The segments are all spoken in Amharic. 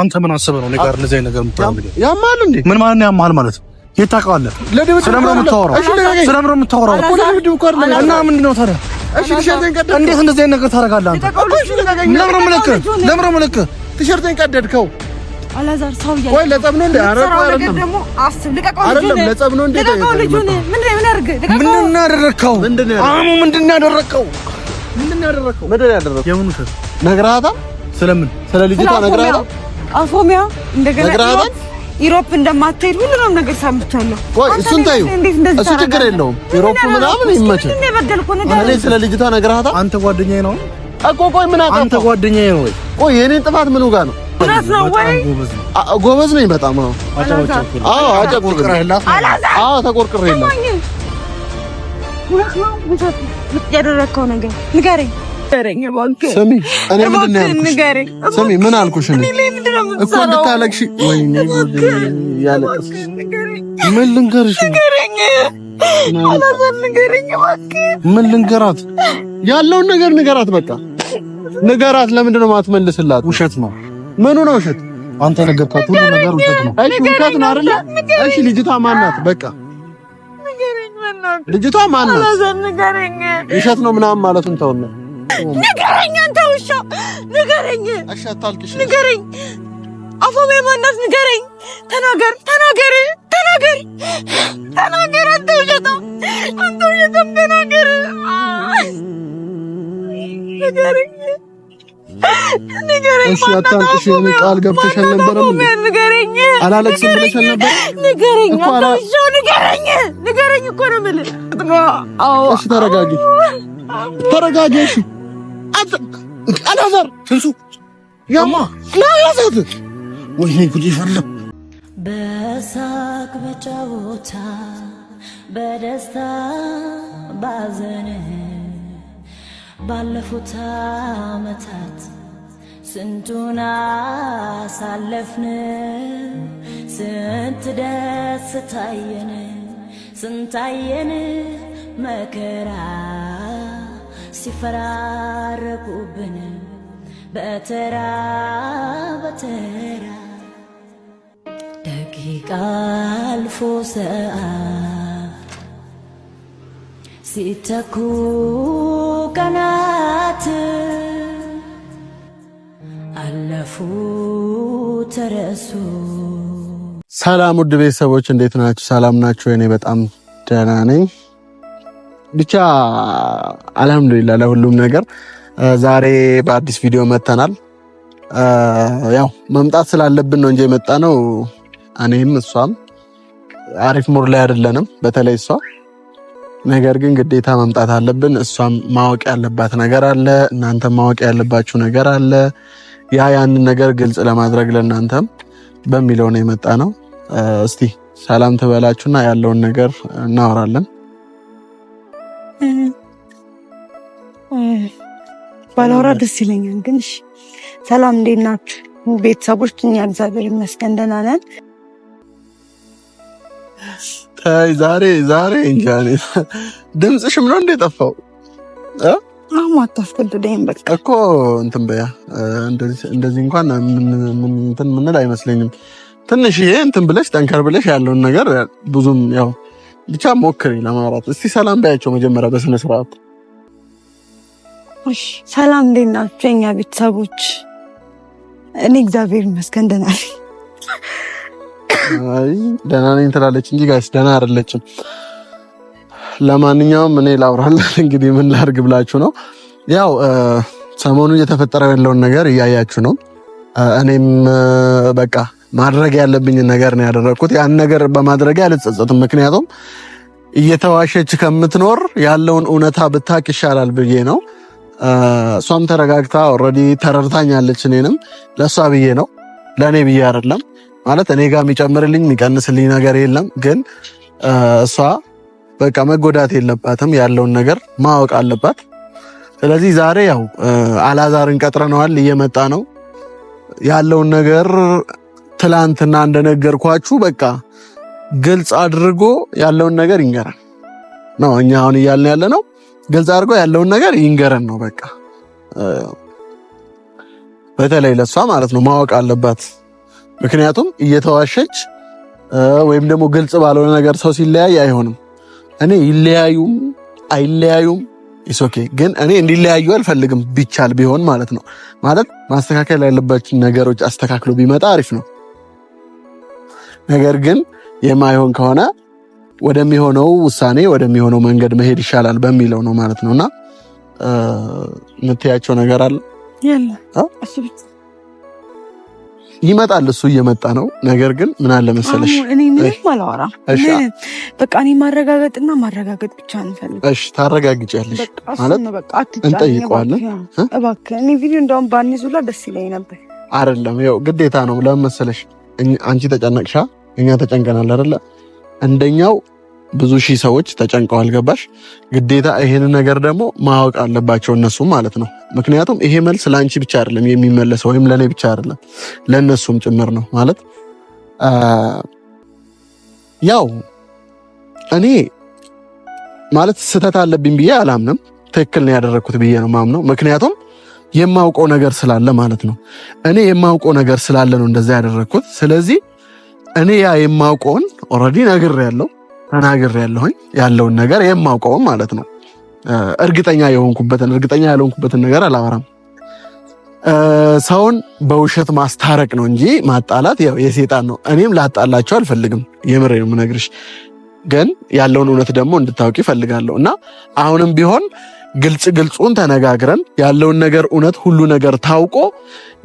አንተ ምን አሰበ ነው እኔ ጋር እንደዚህ አይነት ነገር የምታወራው? ያማል እንዴ? ምን ማለት ነው ያማል ማለት ነው? የት ታውቃለህ? ስለምን ነው የምታወራው? ስለምን ነው የምታወራው? እና ምንድን ነው ታዲያ? እንዴት እንደዚህ አይነት ነገር ታደርጋለህ አንተ? እሺ ነው ለምሮ ለምን ለምሮ የምልክህ? ቲሸርቴን ቀደድከው። አላዛር ሰው ያለ ወይ ለጠብ ነው እንዴ? አረ ኧረ ደግሞ አስብ። ልቀቀው ልጅ አይደለም ለጠብ ነው እንዴ? ልቀቀው ልጅ ልጁን። ምንድን ነው ያደረግከው? ምንድን ነው ያደረግከው? አሙ ምንድን ነው ያደረግከው? ምንድን ነው ያደረግከው? ምንድን ነው ያደረግከው? የምኑን ነግራታ ስለምን ስለ ልጅቷ ነግረሃታል? አፎሚያ እንደገና ኢሮፕ እንደማትሄድ ሁሉንም ነገር ሰምቻለሁ። ቆይ እሱን ታዩ እሱ ችግር የለውም ኢሮፕ ምናምን ይመች። እኔ ስለ ልጅቷ ነግረሃታል? አንተ ጓደኛዬ ነው እኮ። ቆይ ምን አውቃለሁ? አንተ ጓደኛዬ ነው ወይ? ቆይ የኔ ጥፋት ምን ጋር ነው? ጎበዝ ነኝ በጣም። አዎ አዎ ተቆርቅሬላት። እውነት ነው ያደረግከው ነገር ንገረኝ። ስሚ ምን አልኩሽ እኮ እንድታለቅሽ ምን ልንገርሽ ምን ልንገራት ያለውን ነገር ንገራት በቃ ንገራት ለምንድን ነው ማትመልስላት ውሸት ነው ምኑ ነው ውሸት አንተ ነገርካት ሁሉ ነገር ውሸት ነው እሺ ውሸት ነው አይደለ እሺ ልጅቷ ማናት በቃ ልጅቷ ማናት ውሸት ነው ምናምን ማለቱን ተውና ንገረኝ፣ አንተ ውሻ ንገረኝ፣ ንገረኝ፣ አፎሜ ማናት? ንገረኝ፣ ተናገር፣ ተናገር፣ ተናገር፣ ተናገር፣ አንተ ውሸታ፣ አንተ ውሸታ፣ ተናገር፣ ንገረኝ፣ ንገረኝ፣ ቃል ገብተሽ አልነበረም? ንገረኝ፣ አላለቅስም ብለሽ አልነበረ? ንገረኝ፣ ንገረኝ፣ ንገረኝ እኮ ነው የምልህ። እሺ ተረጋጊ፣ ተረጋጊ። እሺ አላዛር ትንሱ ያማ ወይኔ ጉድ ይፈለም። በሳቅ በጨዋታ በደስታ ባዘን ባለፉት ዓመታት ስንቱን አሳለፍን፣ ስንት ደስ ታየን፣ ስንታየን መከራ ሲፈራረቁብን በተራ በተራ ደቂቃ አልፎ ሰዓት ሲተኩ ቀናት አለፉ ተረሱ። ሰላም ውድ ቤተሰቦች እንዴት ናችሁ? ሰላም ናችሁ? እኔ በጣም ደህና ነኝ። ብቻ አልሐምዱሊላ ለሁሉም ነገር ዛሬ በአዲስ ቪዲዮ መተናል። ያው መምጣት ስላለብን ነው እንጂ የመጣ ነው። እኔም እሷም አሪፍ ሙር ላይ አይደለንም፣ በተለይ እሷ ነገር ግን ግዴታ መምጣት አለብን። እሷም ማወቅ ያለባት ነገር አለ፣ እናንተም ማወቅ ያለባችሁ ነገር አለ። ያ ያንን ነገር ግልጽ ለማድረግ ለእናንተም በሚለው ነው የመጣ ነው። እስቲ ሰላም ትበላችሁና ያለውን ነገር እናወራለን። ባላወራ ደስ ይለኛል ግን እሺ። ሰላም እንዴት ናችሁ ቤተሰቦች? እኛ እግዚአብሔር ይመስገን ደህና ነን። ታይ ዛሬ ዛሬ እንጃ ድምፅሽም ነው እንደ ጠፋው አሁን አታስገድደኝም። በቃ እኮ እንትን በያ እንደዚህ እንኳን እንትን ምንል አይመስለኝም። ትንሽ ይሄ እንትን ብለሽ ጠንከር ብለሽ ያለውን ነገር ብዙም ያው ብቻ ሞክሪ ለማውራት። እስቲ ሰላም በያቸው መጀመሪያ በስነ ስርዓት ሰላም እንዴት ናችሁ የኛ ቤተሰቦች? እኔ እግዚአብሔር ይመስገን ደህና ነኝ። አይ ደህና ነኝ ትላለች እንጂ ጋይስ ደህና አይደለችም። ለማንኛውም እኔ ላውራል እንግዲህ ምን ላድርግ ብላችሁ ነው። ያው ሰሞኑ እየተፈጠረ ያለውን ነገር እያያችሁ ነው። እኔም በቃ ማድረግ ያለብኝን ነገር ነው ያደረግኩት። ያን ነገር በማድረግ አልጸጸትም። ምክንያቱም እየተዋሸች ከምትኖር ያለውን እውነታ ብታቅ ይሻላል ብዬ ነው። እሷም ተረጋግታ ኦልሬዲ ተረድታኛለች። እኔንም ለእሷ ብዬ ነው ለእኔ ብዬ አይደለም ማለት እኔ ጋር የሚጨምርልኝ የሚቀንስልኝ ነገር የለም። ግን እሷ በቃ መጎዳት የለባትም ያለውን ነገር ማወቅ አለባት። ስለዚህ ዛሬ ያው አላዛርን ቀጥረነዋል፣ እየመጣ ነው ያለውን ነገር ትላንትና እንደነገርኳችሁ በቃ ግልጽ አድርጎ ያለውን ነገር ይንገራል ነው እኛ አሁን እያልን ያለ ነው። ግልጽ አድርጎ ያለውን ነገር ይንገረን ነው በቃ። በተለይ ለሷ ማለት ነው ማወቅ አለባት። ምክንያቱም እየተዋሸች ወይም ደግሞ ግልጽ ባልሆነ ነገር ሰው ሲለያይ አይሆንም። እኔ ይለያዩም አይለያዩም ኢሶኬ፣ ግን እኔ እንዲለያዩ አልፈልግም ቢቻል ቢሆን ማለት ነው። ማለት ማስተካከል ያለባችን ነገሮች አስተካክሎ ቢመጣ አሪፍ ነው። ነገር ግን የማይሆን ከሆነ ወደሚሆነው ውሳኔ ወደሚሆነው መንገድ መሄድ ይሻላል በሚለው ነው ማለት ነው። እና የምትያቸው ነገር አለ ይመጣል። እሱ እየመጣ ነው። ነገር ግን ምን አለ መሰለሽ፣ በቃ እኔ ማረጋገጥና ማረጋገጥ ብቻ እንፈልግ። እሺ፣ ታረጋግጫለሽ ማለት እንጠይቀዋለን። እባክህ እኔ ቪዲዮ እንደውም ባንይዝ ደስ ይለኝ ነበር። አይደለም ያው ግዴታ ነው። ለምን መሰለሽ፣ አንቺ ተጨነቅሻ፣ እኛ ተጨንቀናል አይደለ? እንደኛው ብዙ ሺህ ሰዎች ተጨንቀዋል። ገባሽ? ግዴታ ይሄን ነገር ደግሞ ማወቅ አለባቸው እነሱ ማለት ነው። ምክንያቱም ይሄ መልስ ለአንቺ ብቻ አይደለም የሚመለሰው ወይም ለእኔ ብቻ አይደለም ለእነሱም ጭምር ነው ማለት ያው እኔ ማለት ስህተት አለብኝ ብዬ አላምንም። ትክክል ነው ያደረግኩት ብዬ ነው ማምነው። ምክንያቱም የማውቀው ነገር ስላለ ማለት ነው። እኔ የማውቀው ነገር ስላለ ነው እንደዛ ያደረግኩት። ስለዚህ እኔ ያ የማውቀውን ኦልሬዲ ነግሬያለሁ። ተናግር ያለሁኝ ያለውን ነገር የማውቀውም ማለት ነው። እርግጠኛ የሆንኩበትን እርግጠኛ ያልሆንኩበትን ነገር አላወራም። ሰውን በውሸት ማስታረቅ ነው እንጂ ማጣላት ያው የሴጣን ነው። እኔም ላጣላቸው አልፈልግም። የምሬ ነው የምነግርሽ፣ ግን ያለውን እውነት ደግሞ እንድታውቂ ይፈልጋለሁ እና አሁንም ቢሆን ግልጽ ግልጹን ተነጋግረን ያለውን ነገር እውነት ሁሉ ነገር ታውቆ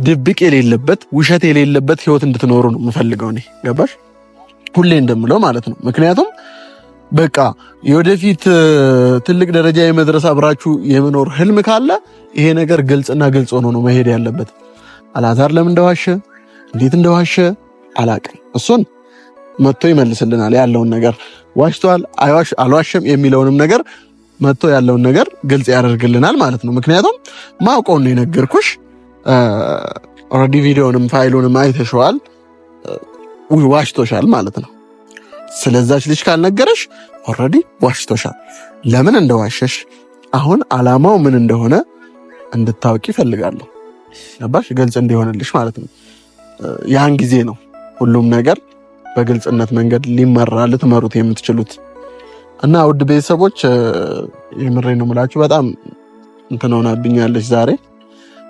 ድብቅ የሌለበት ውሸት የሌለበት ህይወት እንድትኖሩ ነው የምፈልገው እኔ ገባሽ? ሁሌ እንደምለው ማለት ነው ምክንያቱም በቃ የወደፊት ትልቅ ደረጃ የመድረስ አብራችሁ የመኖር ህልም ካለ ይሄ ነገር ግልጽና ግልጽ ሆኖ ነው መሄድ ያለበት። አላዛር ለምን እንደዋሸ እንዴት እንደዋሸ አላቅም። እሱን መጥቶ ይመልስልናል። ያለውን ነገር ዋሽቷል አልዋሸም የሚለውንም ነገር መጥቶ ያለውን ነገር ግልጽ ያደርግልናል ማለት ነው። ምክንያቱም ማውቀውን ነው የነገርኩሽ። ኦልሬዲ ቪዲዮንም ፋይሉንም አይተሸዋል። ዋሽቶሻል ማለት ነው። ስለዛች ልጅ ካልነገረሽ ኦልሬዲ ዋሽቶሻል። ለምን እንደዋሸሽ አሁን አላማው ምን እንደሆነ እንድታወቂ ይፈልጋለሁ። ገባሽ? ግልጽ እንዲሆንልሽ ማለት ነው። ያን ጊዜ ነው ሁሉም ነገር በግልጽነት መንገድ ሊመራ ልትመሩት የምትችሉት። እና ውድ ቤተሰቦች የምሬ ነው ምላችሁ በጣም እንትን ሆናብኛለች ዛሬ።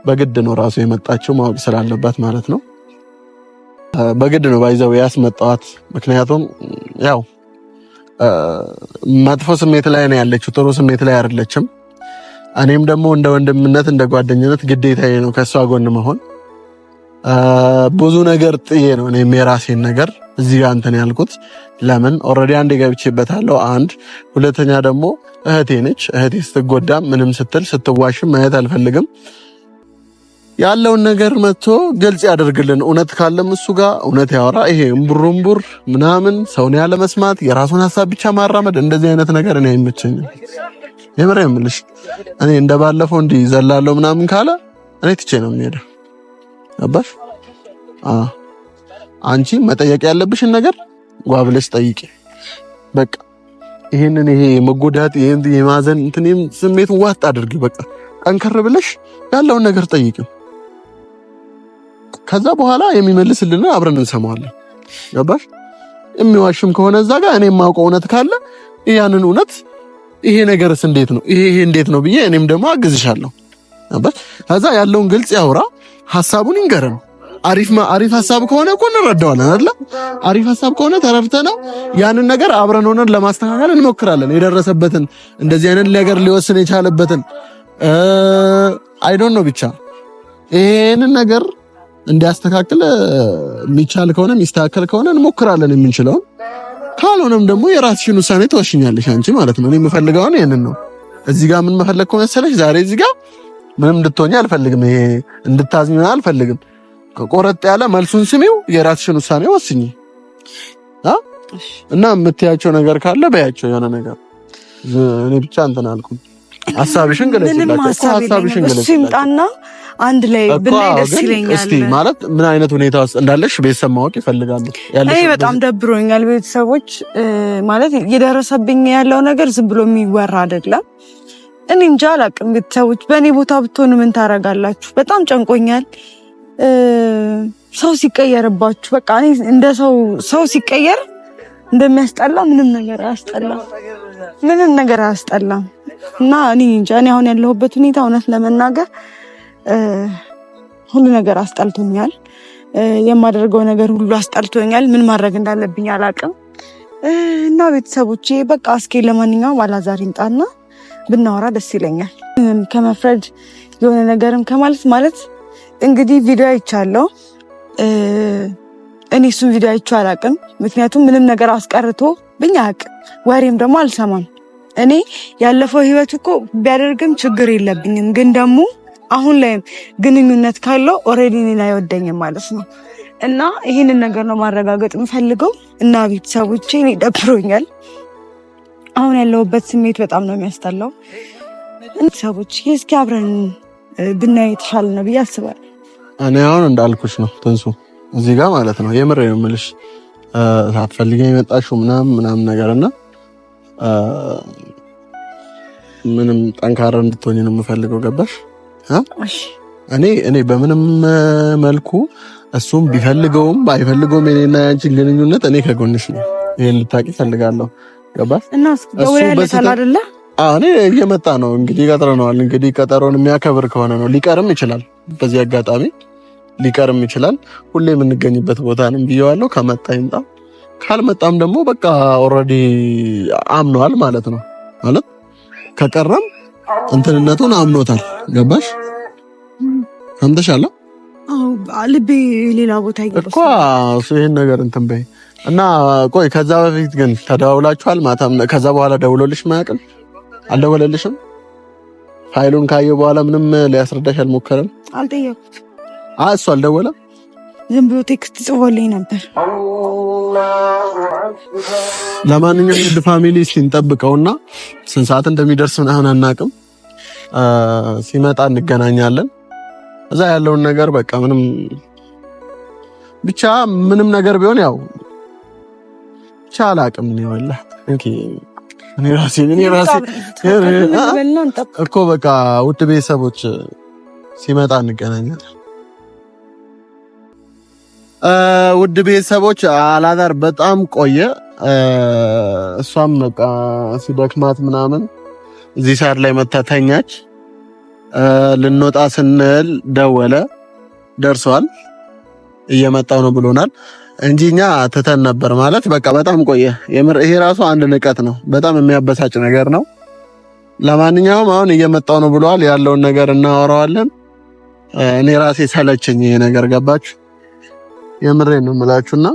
በግድ ነው ራሱ የመጣችው ማወቅ ስላለባት ማለት ነው። በግድ ነው ባይዘው ያስመጣዋት። ምክንያቱም ያው መጥፎ ስሜት ላይ ነው ያለችው፣ ጥሩ ስሜት ላይ አይደለችም። እኔም ደግሞ እንደ ወንድምነት እንደ ጓደኝነት ግዴታዬ ነው ከእሷ ጎን መሆን። ብዙ ነገር ጥዬ ነው እኔም የራሴን ነገር እዚህ ጋር እንትን ያልኩት። ለምን ኦልሬዲ አንድ ገብቼበታለሁ። አንድ ሁለተኛ ደግሞ እህቴ ነች። እህቴ ስትጎዳ ምንም ስትል ስትዋሽም ማየት አልፈልግም። ያለውን ነገር መጥቶ ግልጽ ያደርግልን። እውነት ካለም እሱ ጋር እውነት ያወራ። ይሄ እምቡር እምቡር ምናምን ሰውን ያለመስማት የራሱን ሀሳብ ብቻ ማራመድ እንደዚህ አይነት ነገር እኔ አይመቸኝም። የምሬ የምልሽ እኔ እንደ ባለፈው እንዲህ ዘላለው ምናምን ካለ እኔ ትቼ ነው የምሄደው። አባሽ አንቺ መጠየቅ ያለብሽን ነገር ጓብለሽ ጠይቂ። በቃ ይሄንን ይሄ መጎዳት ይሄን የማዘን እንትን ስሜት ዋጥ አድርጊ። በቃ ጠንከር ብለሽ ያለውን ነገር ጠይቅም። ከዛ በኋላ የሚመልስልን አብረን እንሰማዋለን። ገባሽ? የሚዋሽም ከሆነ እዛ ጋር እኔ የማውቀው እውነት ካለ ያንን እውነት ይሄ ነገርስ እንዴት ነው ይሄ ይሄ እንዴት ነው ብዬ እኔም ደግሞ አግዝሻለሁ። ገባሽ? ከዛ ያለውን ግልጽ ያውራ፣ ሀሳቡን ይንገረን። አሪፍ አሪፍ ሀሳብ ከሆነ እኮ እንረዳዋለን አይደለ? አሪፍ ሀሳብ ከሆነ ነው ያንን ነገር አብረን ሆነን ለማስተካከል እንሞክራለን። የደረሰበትን እንደዚህ አይነት ነገር ሊወስን የቻለበትን አይ ነው ብቻ ይሄንን ነገር እንዲያስተካክል የሚቻል ከሆነ የሚስተካከል ከሆነ እንሞክራለን የምንችለውን። ካልሆነም ደግሞ የራስሽን ውሳኔ ትወሽኛለሽ አንቺ ማለት ነው። የምፈልገውን ይህንን ነው። እዚህ ጋር ምን መፈለግ ከሆነ ዛሬ እዚህ ጋር ምንም እንድትሆኝ አልፈልግም። ይሄ እንድታዝኝ አልፈልግም። ቆረጥ ያለ መልሱን ስሚው፣ የራስሽን ውሳኔ ወስኝ እና የምትያቸው ነገር ካለ በያቸው። የሆነ ነገር እኔ ብቻ እንትን አልኩኝ። ሀሳብሽን ገለጽ፣ ሀሳብሽን ገለጽ። እሱ አንድ ላይ ብናይ ደስ ይለኛል። እስቲ ማለት ምን አይነት ሁኔታ ውስጥ እንዳለሽ ቤተሰብ ማወቅ ይፈልጋሉ። እኔ በጣም ደብሮኛል። ቤተሰቦች ማለት የደረሰብኝ ያለው ነገር ዝም ብሎ የሚወራ አይደለም። እኔ እንጃ አላቅም። ቤተሰቦች በእኔ ቦታ ብትሆኑ ምን ታደርጋላችሁ? በጣም ጨንቆኛል። ሰው ሲቀየርባችሁ በቃ እኔ እንደ ሰው ሰው ሲቀየር እንደሚያስጠላ ምንም ነገር አያስጠላም። ምንም ነገር አያስጠላም እና እኔ እንጃ እኔ አሁን ያለሁበት ሁኔታ እውነት ለመናገር ሁሉ ነገር አስጠልቶኛል። የማደርገው ነገር ሁሉ አስጠልቶኛል። ምን ማድረግ እንዳለብኝ አላቅም። እና ቤተሰቦቼ በቃ እስኪ ለማንኛውም አላዛር ይምጣና ብናወራ ደስ ይለኛል። ከመፍረድ የሆነ ነገርም ከማለት ማለት እንግዲህ ቪዲዮ አይቻለሁ። እኔ እሱን ቪዲዮ አይቼው አላቅም፣ ምክንያቱም ምንም ነገር አስቀርቶ ብኝ አቅ ወሬም ደግሞ አልሰማም። እኔ ያለፈው ህይወት እኮ ቢያደርግም ችግር የለብኝም፣ ግን ደግሞ አሁን ላይም ግንኙነት ካለው ኦልሬዲ እኔን አይወደኝም ማለት ነው። እና ይህንን ነገር ነው ማረጋገጥ የምፈልገው። እና ቤተሰቦቼ እኔ ደብሮኛል። አሁን ያለሁበት ስሜት በጣም ነው የሚያስጠላው። ቤተሰቦች እስኪ አብረን ብናይ የተሻለ ነው ብዬ አስባለሁ። እኔ አሁን እንዳልኩሽ ነው ትንሱ፣ እዚህ ጋር ማለት ነው የምር የምልሽ ሳትፈልገኝ የመጣሽው ምናምን ምናምን ነገር እና ምንም ጠንካራ እንድትሆኝ ነው የምፈልገው። ገባሽ? እኔ እኔ በምንም መልኩ እሱም ቢፈልገውም ባይፈልገውም የኔና ያንቺን ግንኙነት እኔ ከጎንሽ ነው። ይሄን ልታቂ ፈልጋለሁ። እኔ እየመጣ ነው እንግዲህ ቀጥረነዋል። እንግዲህ ቀጠሮን የሚያከብር ከሆነ ነው። ሊቀርም ይችላል። በዚህ አጋጣሚ ሊቀርም ይችላል። ሁሌ የምንገኝበት ቦታ ነው ብየዋለሁ። ከመጣ ይምጣ፣ ካልመጣም ደግሞ በቃ ኦልሬዲ አምነዋል ማለት ነው ማለት ከቀረም እንትንነቱን አምኖታል። ገባሽ? ሰምተሻል? ልቤ ሌላ ቦታ እኮ ይህን ነገር እንትን በይ እና ቆይ፣ ከዛ በፊት ግን ተደዋውላችኋል? ማታም ከዛ በኋላ ደውሎልሽ ማያውቅም? አልደወለልሽም? ፋይሉን ካየ በኋላ ምንም ሊያስረዳሽ አልሞከረም? አልጠየኩም። እሱ አልደወለም ዝም ብሎ ቴክስት ጽፎልኝ ነበር። ለማንኛውም ውድ ፋሚሊ ሲንጠብቀውና ስንት ሰዓት እንደሚደርስ ምናምን አናውቅም። ሲመጣ እንገናኛለን። እዛ ያለውን ነገር በቃ ምንም ብቻ ምንም ነገር ቢሆን ያው ብቻ አላውቅም። እኔ ወላሂ እኔ ራሴ እኔ ራሴ እኮ በቃ ውድ ቤተሰቦች ሲመጣ እንገናኛለን። ውድ ቤተሰቦች አላዛር በጣም ቆየ። እሷም በቃ ሲደክማት ምናምን እዚህ ሰዓት ላይ መታተኛች። ልንወጣ ስንል ደወለ። ደርሷል፣ እየመጣው ነው ብሎናል እንጂ እኛ ትተን ነበር ማለት በቃ በጣም ቆየ። የምር ይሄ ራሱ አንድ ንቀት ነው፣ በጣም የሚያበሳጭ ነገር ነው። ለማንኛውም አሁን እየመጣው ነው ብለዋል። ያለውን ነገር እናወራዋለን። እኔ ራሴ ሰለቸኝ ይሄ ነገር ገባችሁ የምሬ ነው የምላችሁና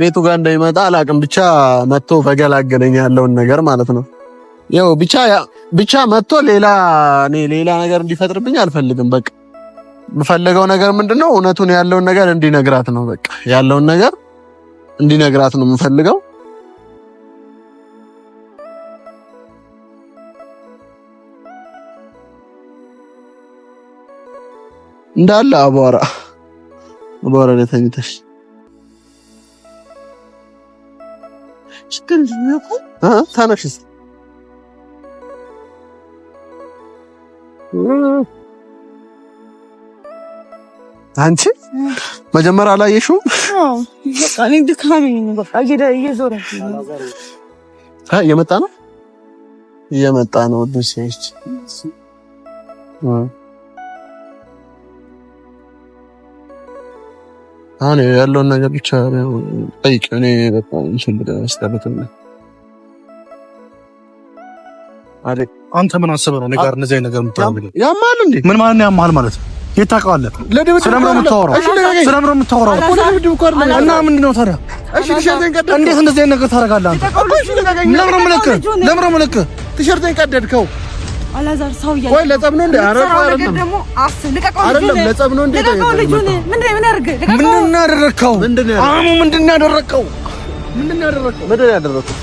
ቤቱ ጋር እንዳይመጣ አላቅም። ብቻ መጥቶ በገላገለኝ ያለውን ነገር ማለት ነው። ያው ብቻ ብቻ መጥቶ ሌላ እኔ ሌላ ነገር እንዲፈጥርብኝ አልፈልግም። በቃ የምፈልገው ነገር ምንድነው እውነቱን ያለውን ነገር እንዲነግራት ነው። በቃ ያለውን ነገር እንዲነግራት ነው የምፈልገው። እንዳለ አቧራ አቧራ ላይ ተኝተሽ ችግር አንቺ መጀመሪያ አላየሽውም? እየመጣ ነው እየመጣ ነው። አሁን ያለውን ነገር ብቻ ጠይቅ። እኔ በጣም ስልደ አስተበተም አንተ ምን አስበህ ነው እኔ ጋር እንደዚህ አይነት ነገር የምታወራው? ያማል እንዴ? ምን ማለት ነው ያማል ማለት ነው? የት ታውቃለህ? ስለምን ነው የምታወራው? ስለምን ነው የምታወራው? እና ምንድን ነው ታዲያ? እንዴት እንደዚህ አይነት ነገር ታደርጋለህ አንተ? ለምን ነው የምልክህ? ለምን ነው የምልክህ? ቲሸርቴን ቀደድከው አላዛር ሰው እያለ ቆይ፣ ለጸብ ነው እንዴ? ኧረ አይደለም ለጸብ ነው እንዴ? ልቀቀው። ልጁን ምን ምን አድርግ? ልቀቀው። ምን እናደረከው? አሙ ምንድን ነው ምንድን ነው ምንድን ነው ያደረከው?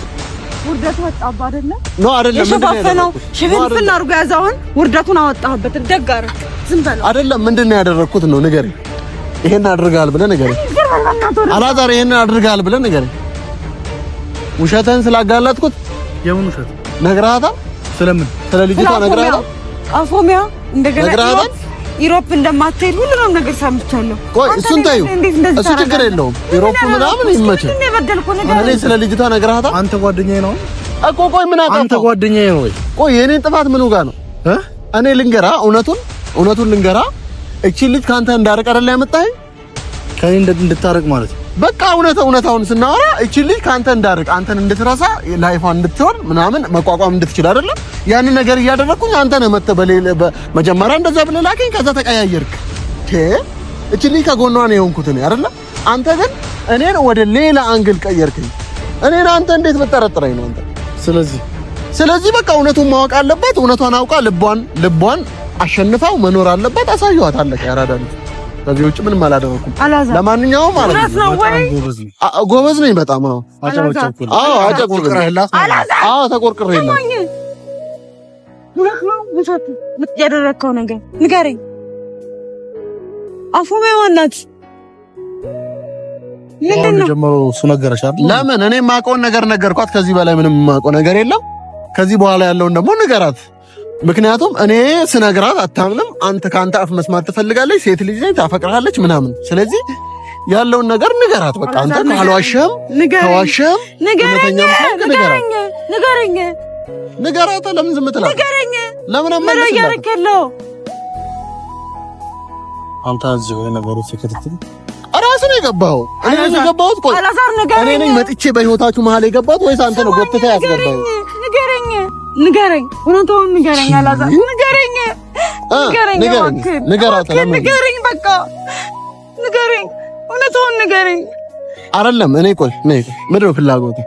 ወጣብህ አይደለ? ኖ አይደለም። የሸፋፈነው ሽፍንፍን አድርጎ ያዛውን ውርደቱን አወጣህበት። ደግ አደረክ። ዝም በለው። አይደለም ምንድን ነው ያደረኩት ነው? ንገረኝ። ይሄን አድርጋል ብለህ ንገረኝ። አላዛር ይሄን አድርጋል ብለህ ንገረኝ። ውሸትህን ስላጋለጥኩት የምን ውሸት ነግረሃታል? ስለምን ስለ ልጅቷ ነግራለሁ። አፎሚያ እንደገና ኢሮፕ እንደማትሄድ ሁሉንም ነገር ሰምቻለሁ። ቆይ እሱን ታዩ። እሱ ችግር የለውም። ኢሮፕ ምናምን ይመችህ። እኔ ስለ ልጅቷ ነግረሃታል? አንተ ጓደኛዬ ነው እኮ። ቆይ ምን አውቃለሁ? አንተ ጓደኛዬ ነው ቆይ የኔ ጥፋት ምኑ ጋር ነው? እኔ ልንገራ፣ እውነቱን እውነቱን ልንገራ፣ እቺ ልጅ ካንተ እንዳርቅ አይደለ ያመጣኸኝ? ከኔ እንድታርቅ ማለት ነው በቃ እውነት እውነታውን ስናወራ እቺ ልጅ ከአንተ እንዳርቅ አንተን እንድትረሳ ላይፏን እንድትሆን ምናምን መቋቋም እንድትችል አይደለም ያንን ነገር እያደረግኩኝ አንተ ነህ መተህ በመጀመሪያ እንደዛ ብለህ ላከኝ ከዛ ተቀያየርክ እቺ ልጅ ከጎኗ ነው የሆንኩት እኔ አይደለም አንተ ግን እኔን ወደ ሌላ አንግል ቀየርክኝ እኔን አንተ እንዴት ብጠረጥረኝ ነው አንተ ስለዚህ ስለዚህ በቃ እውነቱን ማወቅ አለበት እውነቷን አውቃ ልቧን ልቧን አሸንፋው መኖር አለበት አሳየዋት አለቀ ያራዳልት ከዚህ ውጭ ምንም አላደረኩም። ለማንኛውም ማለት ነው ጎበዝ ነኝ በጣም አዎ። አዎ ተቆርቅሬ ያደረግከው ነገር ንገረኝ። አፎ ዋናት ምንድን እሱ ነገረሽ ለምን እኔ የማውቀውን ነገር ነገርኳት። ከዚህ በላይ ምንም የማውቀው ነገር የለም። ከዚህ በኋላ ያለውን ደግሞ ንገራት። ምክንያቱም እኔ ስነግራት አታምንም። አንተ ከአንተ አፍ መስማት ትፈልጋለች። ሴት ልጅ ነኝ፣ ታፈቅርሃለች ምናምን። ስለዚህ ያለውን ነገር ንገራት። በቃ አንተ ካልዋሸህም ከዋሸህም ንገረኝ፣ ንገረኝ፣ ንገራት። ለምን ዝም ትላለህ? ንገረኝ። ለምን አመለስላለሁ? አንተ እዚህ ወይ ነገሩ ተከትል ራስ ነው የገባው። እኔ ነኝ የገባሁት። ቆይ እኔ ነኝ መጥቼ በህይወታችሁ መሀል የገባሁት ወይስ አንተ ነው ጎትተህ ያስገባው? ንገረኝ። ንገረኝ፣ እውነቱን ንገረኝ። አላዛር ንገረኝ፣ ንገረኝ፣ ንገረኝ፣ በቃ ንገረኝ፣ ንገረኝ። አይደለም እኔ ቆይ ነኝ ምድር ፍላጎት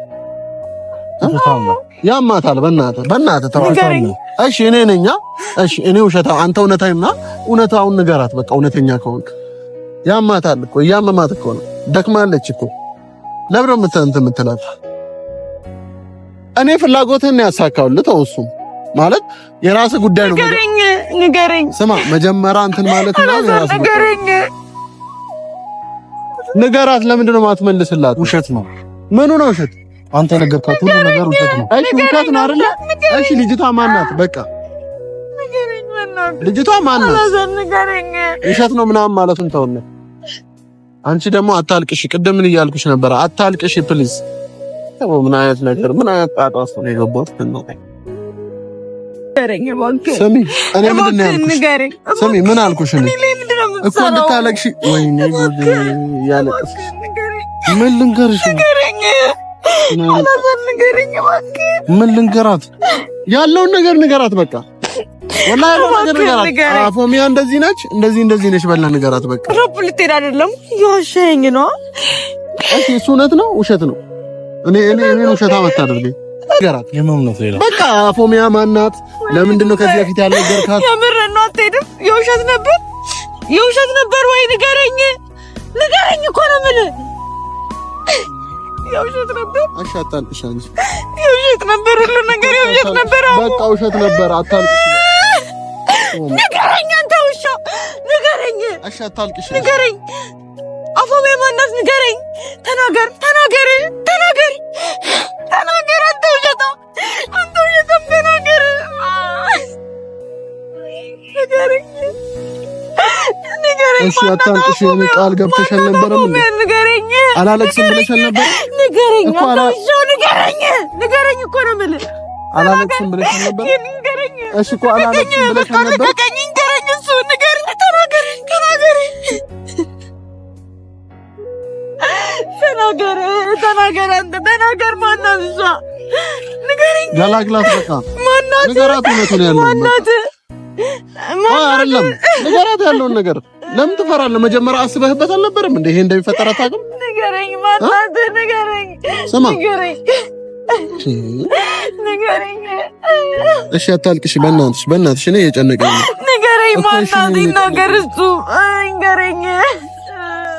ያማታል። በእናትህ በእናትህ እሺ እኔ እሺ እኔ ውሸታ፣ አንተ እውነታና እውነታውን ንገራት በቃ። እውነተኛ ከሆንክ ያማታል እኮ፣ እያመማት እኮ ነው፣ ደክማለች እኮ ለብረም የምትላት እኔ ፍላጎትህን ያሳካውልህ። ተው ማለት የራስህ ጉዳይ ነው። ንገረኝ ንገረኝ። ስማ መጀመሪያ እንትን ማለት ነው። ንገረኝ ንገራት። ለምንድን ነው የማትመልስላት? ውሸት ነው። ምኑ ነው ውሸት? አንተ ነገርካት፣ ሁሉ ነገር ውሸት ነው። እሺ ውሸት ነው አይደለ? እሺ ልጅቷ ማናት? በቃ ልጅቷ ማናት? ውሸት ነው ምናምን ማለቱን ተውነ። አንቺ ደግሞ አታልቅሽ። ቅድም ምን እያልኩሽ ነበረ? አታልቅሽ ፕሊዝ ምን አይነት ነገር ምን አይነት ጣጣ ውስጥ ነው የገባሁት? ስሚ ምን አልኩሽ እኮ እንድታለቅሽ። ወይኔ ምን ልንገርሽ? ምን ልንገራት? ያለውን ነገር ንገራት በቃ እንደዚህ ነች፣ እንደዚህ እንደዚህ ነች በላ ንገራት በቃ። ልትሄድ አይደለም ነው። እሱ እውነት ነው ውሸት ነው እኔ እኔ እኔ ውሸት አመጣደርልኝ ገራት የመምነት ሌላ በቃ ፎሚያ ማናት? ለምንድን ነው ከዚህ በፊት ያለው ገርካት? የምር ነው አትሄድም? የውሸት ነበር የውሸት ነበር ወይ ንገረኝ፣ ንገረኝ እኮ ነው የምልህ። የውሸት ነበር። አሻጣልሽ አንቺ። የውሸት ነበር፣ ሁሉ ነገር የውሸት ነበር። በቃ ውሸት ነበር። አታልቅሽ። ንገረኝ አንተ ውሻ፣ ንገረኝ። አሻጣልሽ፣ ንገረኝ አፎሜ ማናት? ንገረኝ። ተናገር፣ ተናገር፣ ተናገር፣ ተናገር። አንተ ውሸታ፣ አንተ ውሸታም ተናገር፣ ንገረኝ፣ ንገረኝ። እሺ አታልቅሽ፣ እኔ ቃል ገብተሻል ነበር። ምን ንገረኝ፣ አላለቅስም ብለሻል ነበር። ንገረኝ እኮ ንገረኝ፣ ንገረኝ እኮ ነው የምልህ። አላለቅስም ብለሻል ነበር። ንገረኝ። እሺ እኮ አላለቅስም ብለሻል ነበር። ተናገር፣ ተናገር፣ አንተ ተናገር። ማናት እሷ? ንገረኝ። ገላግላት፣ በቃ ማናት? ንገራት፣ ያለው ማናት? አይደለም ንገራት፣ ያለውን ነገር ለምን ትፈራለህ? መጀመሪያ አስበህበት አልነበረም እንዴ? ይሄ እንደሚፈጠር አታውቅም? ንገረኝ፣ ማናት? ንገረኝ፣ ስማ፣ ንገረኝ፣ ንገረኝ። እሺ፣ አታልቅሽ፣ በእናትሽ፣ በእናትሽ፣ እኔ እየጨነቀኝ ንገረኝ፣ ማናት? ይናገር እሱ፣ ንገረኝ።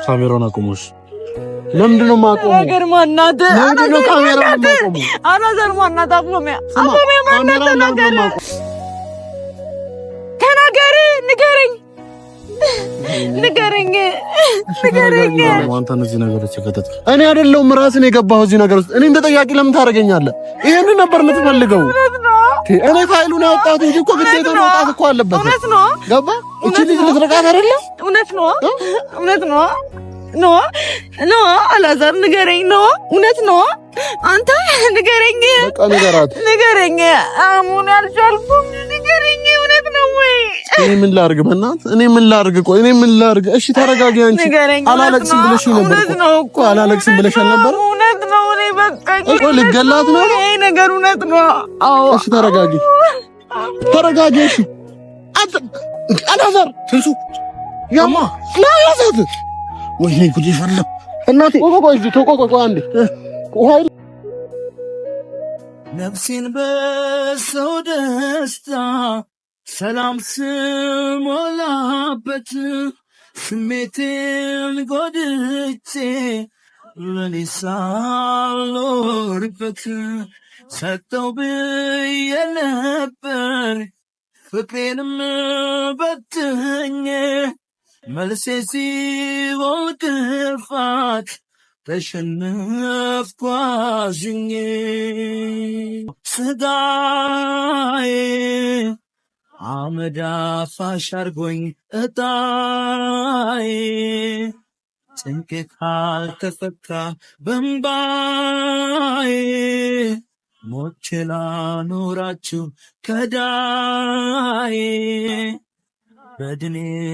ካሜራውን አቁሙሽ ለምንድን ማቆም? የማቆመው? ነገር ማናት ለምንድን ነው ካሜራውን የማቆመው? አላዛር ማናት አቁመህ አቁመህ ማናት ነገር ተናገሪ፣ ንገረኝ፣ ንገረኝ፣ ንገረኝ። አንተን እዚህ ነገር ውስጥ ከተት እኔ አይደለሁም ራስን የገባሁ እዚህ ነገር ውስጥ እኔን ተጠያቂ ለምን ታደርገኛለህ? ይሄንን ነበር የምትፈልገው? እኔ ፋይሉን ያወጣሁት እንጂ እኮ ግዴታ መውጣት እኮ አለበት። ነው ገባ። እቺ ልጅ ልትረቃት አይደለም? እውነት ነው፣ እውነት ነው ነዋ ነዋ፣ አላዛር ንገረኝ፣ ነዋ እውነት ነዋ፣ አንተ ንገረኝ፣ ንገራት፣ ንገረኝ፣ አሙን አልቻልኩም፣ ንገረኝ፣ እውነት ነው ወይ? እኔ ምን ላርግ? በእናት እኔ ምን ላርግ? ቆይ እኔ ምን ላርግ? እሺ ተረጋጊ። አንቺ አላለቅስም ብለሽ ነበር እኮ አላለቅስም ብለሽ ነበር። እውነት ነው። እኔ በቃ እኮ ልገላት ነው ይሄ ነገር፣ እውነት ነው። አዎ፣ እሺ ተረጋጊ፣ ተረጋጊ። እሺ አላዛር ትንሱ ያማ ላላዛት ወይኔ ጉድ ይፈላ እናቴ ቆቆቆይ አንዴ ነፍሴን በሰው ደስታ ሰላም ስሞላበት ስሜቴን ጎድቼ ለኔ ሳልኖርበት ሰጠው ብዬ ነበር ፍቅሬንም በትኜ መልሴ ሲኦል ክፋት ተሸነፍኩ አዝኜ ስጋዬ አመድ አርጎኝ እጣዬ ጭንቄ ካልተፈታ በእምባዬ ሞቼ ላኖራችሁ ከዳዬ በድኔ